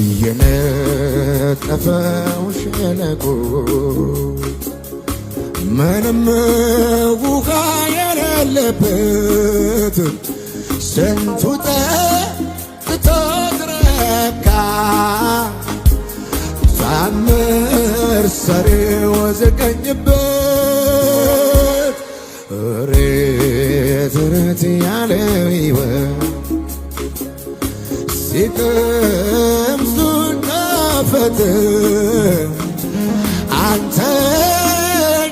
እየነጠፈው ሸለቆ ምንም ውሃ የሌለበት ስንቱ ጠጥቶት ረካ ታምር ሰሪው ዘገኝበት ሬት ሬት ያለ ይወ ሲጥር ሕይወት አንተ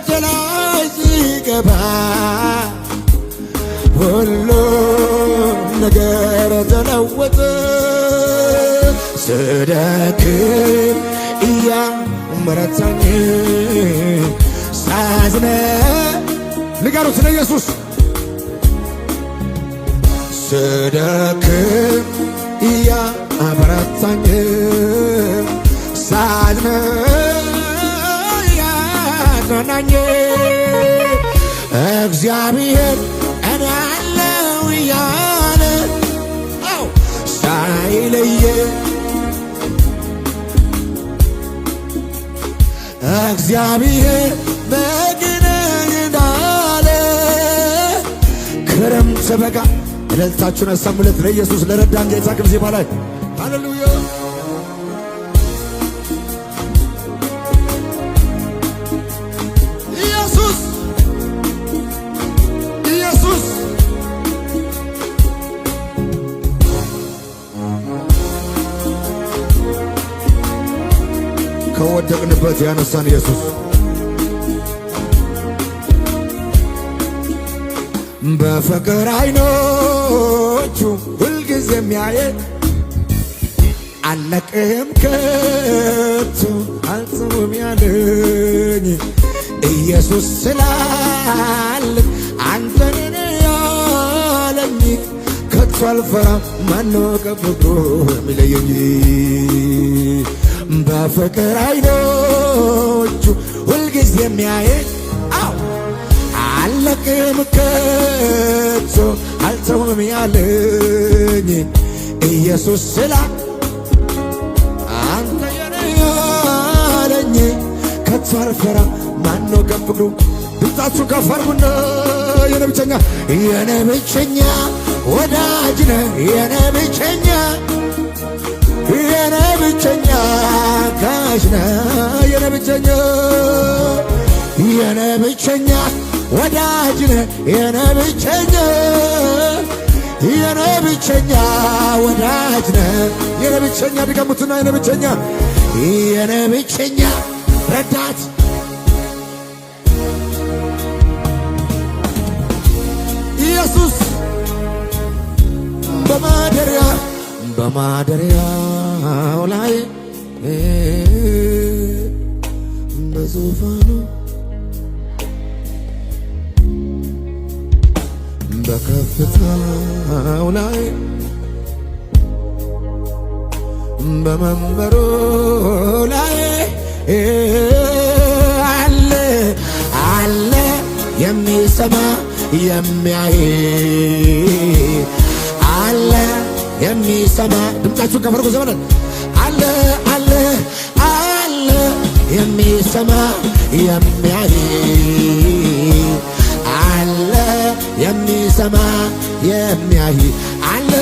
ደላይ ሲገባ ሁሉ ነገር ተለወጠ። ስደክም እያመረታኝ ሳዝነ ንገሩት ለኢየሱስ ስደክም እያበረታኝ ሳልፈ ያጽናናኝ እግዚአብሔር እኔ አለው እያለ ሳይለየ እግዚአብሔር በግንህ እንዳለ ክረምት በጋ እልልታችሁን አሰሙለት ለኢየሱስ ለረዳን ጌታ ክብር ይባላል። ከሞትንበት ያነሳን ኢየሱስ በፍቅር አይኖቹ ሁልጊዜ የሚያየን አለቅም ከቱ አልጽምም ያለኝ ኢየሱስ ስላለ አንተን ያለኝ ከቶ አልፈራም ማነው ከፍቅሩ የሚለየኝ በፍቅር አይኖ የሚያየ አው አለቅም ከቶ አልተውም ያለኝ ኢየሱስ ስላ አንተ ያለኝ ከቶ አልፈራ ማኖ ገብግሩ ድምፃችሁ ከፈርሙና የነ ብቸኛ ወዳጅነ የነ የኔ ብቸኛ አጋዥነ የኔ ብቸኛ የኔ ብቸኛ ወዳጅነ የኔ ብቸኛ የኔ ብቸኛ ወዳጅነ የኔ ብቸኛ ድገሙትና የኔ ብቸኛ የኔ ብቸኛ ረዳት ኢየሱስ በማደሪያ በማደሪያ በደስታው ላይ በዙፋኑ በከፍታው ላይ በመንበሩ ላይ አለ አለ የሚሰማ የሚያይ አለ የሚሰማ ድምፃችሁን ከፈርጎ ዘመናት አለ አለ አለ የሚሰማ የሚያይ አለ የሚሰማ የሚያይ አለ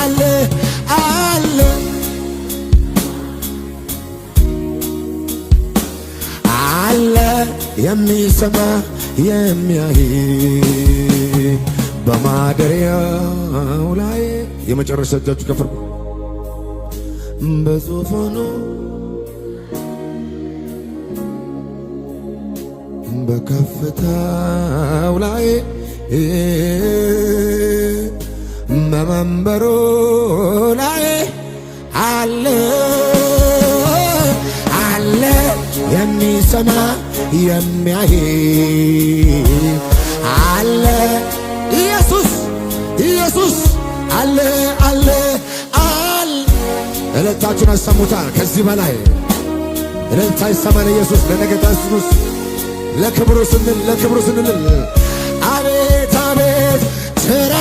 አለ አለ አለ የሚሰማ የሚያይ በማደሪያው ላይ የመጨረሻ እጃችሁ ከፍር በዙፋኑ በከፍታው ላይ በመንበሩ ላይ አለ አለ የሚሰማ የሚያይ አለ እልልታችሁን አሰሙታል። ከዚህ በላይ እልልታ ይሰማን። ኢየሱስ ለነገታስኑስ ለክብሩ ስንል ለክብሩ ስንል አቤት አቤት ትራ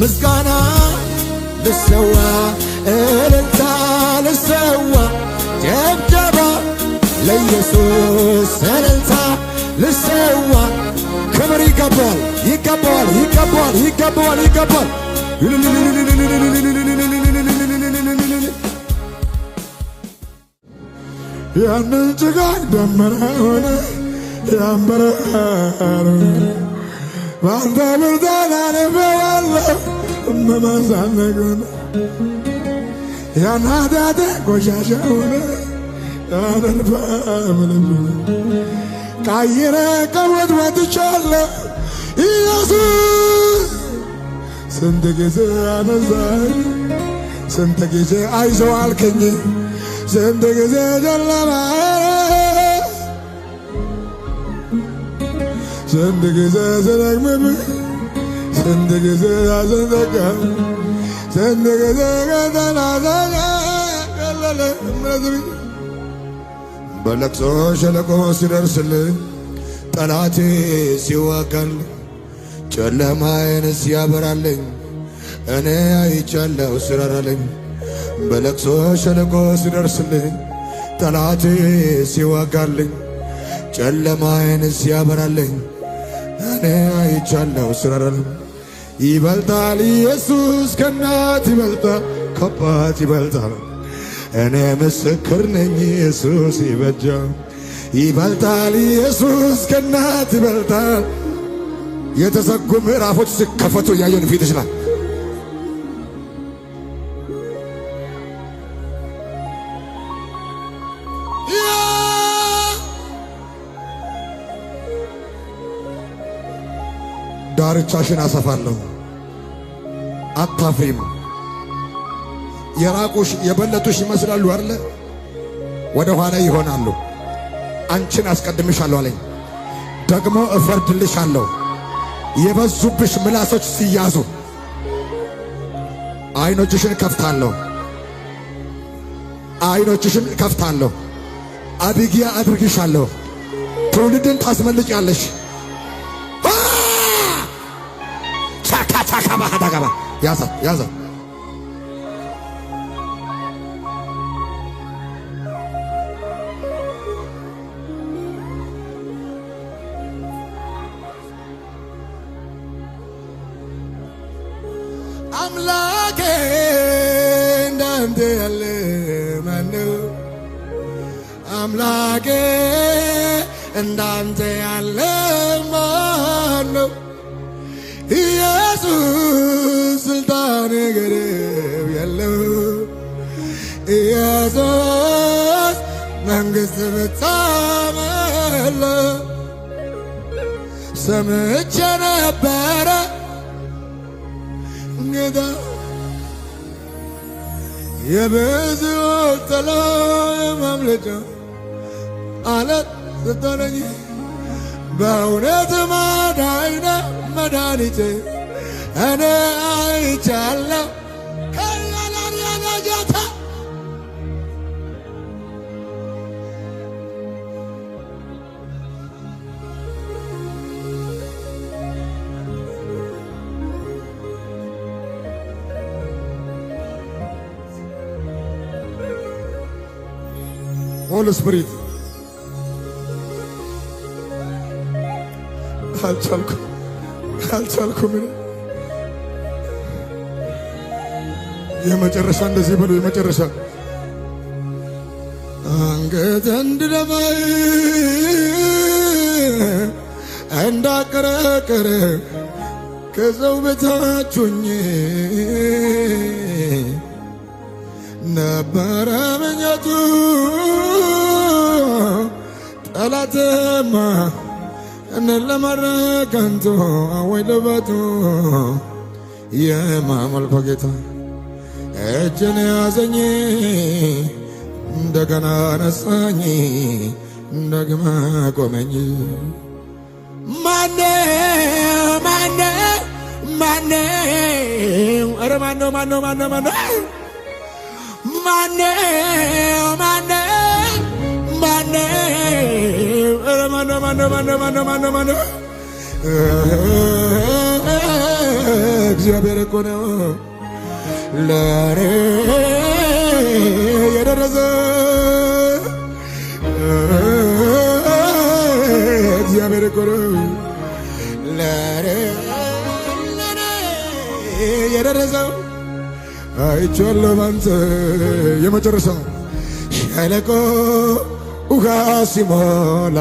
ምስጋና ልሰዋ እልልታ ልሰዋ ጀብጀባ ለኢየሱስ እልልታ ልሰዋ ክብር ይገባዋል ይገባዋል ይገባዋል ይገባዋል ይገባዋል ያንን ጭጋግ ደመና ሆነ ያንበረር ባንተ ብርታት አልፌያለሁ የምመሳነቀውን ያን ኃጢአቴ ቆሻሻውን አንንፋምልብ ቀይረ ከሞት ወጥቻለሁ ኢየሱስ ስንት ጊዜ አነሳኝ ስንት ጊዜ አልከኝ ስንት ጊዜ ጀለማ ስንት ጊዜ ስደክምብህ ስንት ጊዜ ስንጠቃ ስንት ጊዜ ከተናዘቀ ቀለለ እምነትህ በለቅሶ ሸለቆ ሲደርስልህ ጠላቴ ሲዋጋል ጨለማዬን ሲያበራልኝ እኔ አይቻለሁ ስራራለኝ በለቅሶ ሸለቆ ሲደርስልኝ ጠላቴ ሲዋጋልኝ ጨለማዬን ሲያበራልኝ ያን አይቻለው ስራራል ይበልጣል ኢየሱስ ከእናት ይበልጣል ከአባት ይበልጣል። እኔ ምስክር ነኝ ኢየሱስ ይበጃል ይበልጣል ኢየሱስ ከእናት ይበልጣል። የተዘጉ ምዕራፎች ሲከፈቱ እያየን ፊት ይችላል ዳርቻሽን አሰፋለሁ። አታፍሪም። የራቁሽ የበለጡሽ ይመስላሉ አይደለ? ወደ ኋላ ይሆናሉ። አንቺን አስቀድምሻለሁ አለኝ። ደግሞ እፈርድልሻለሁ። የበዙብሽ ምላሶች ሲያዙ አይኖችሽን ከፍታለሁ። አይኖችሽን ከፍታለሁ። አድጊያ አድርግሻለሁ። ትውልድን ታስመልጫለሽ። Mahabagaba. Yaza, Yaza. And I'm there, I love my love. Yeah. የራሱ ስልጣን ገደብ የለው። ኢየሱስ መንግሥት ፍጻሜ የለው። ሰምቼ ነበረ ጌታ የብዙዎች ጠላት ማምለጫ አለት ስታነኝ በእውነት መድኃኒቴ መድኃኒቴ እኔ አይቻለሁ ከያላሪያናጃታ ሆል ስፕሪት አልቻልኩም አልቻልኩም። የመጨረሻ እንደዚህ በሉ። የመጨረሻ አንገት እንድደፋ እንዳቀረቀረ ከሰው በታች ነበረ ምኞቱ ጠላትማ እንለመረከንቶ አወይ ልበቱ የማመልኮ ጌታ እጅን ያዘኝ እንደገና ነሳኝ እንደግማ ቆመኝ። ማነ ማነ ማነ ኧረ ማነው ማነው ማነው ማነው ማነው ማነው ማነው ኧረ ማነው ማነው ማነው ማነው ማነው ማነው እግዚአብሔር እኮ ነው። ለኔ የደረሰ እግዚአብሔር እኮ ነው ለኔ የደረሰው አይቼዋለሁ ባንተ የመጨረሻው ሸለቆ ውሃ ሲሞላ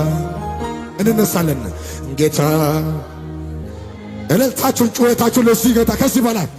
እንነሳለን ጌታ እልልታችሁን ጩኸታችሁን ለሱ ይገታ ከዚህ በላይ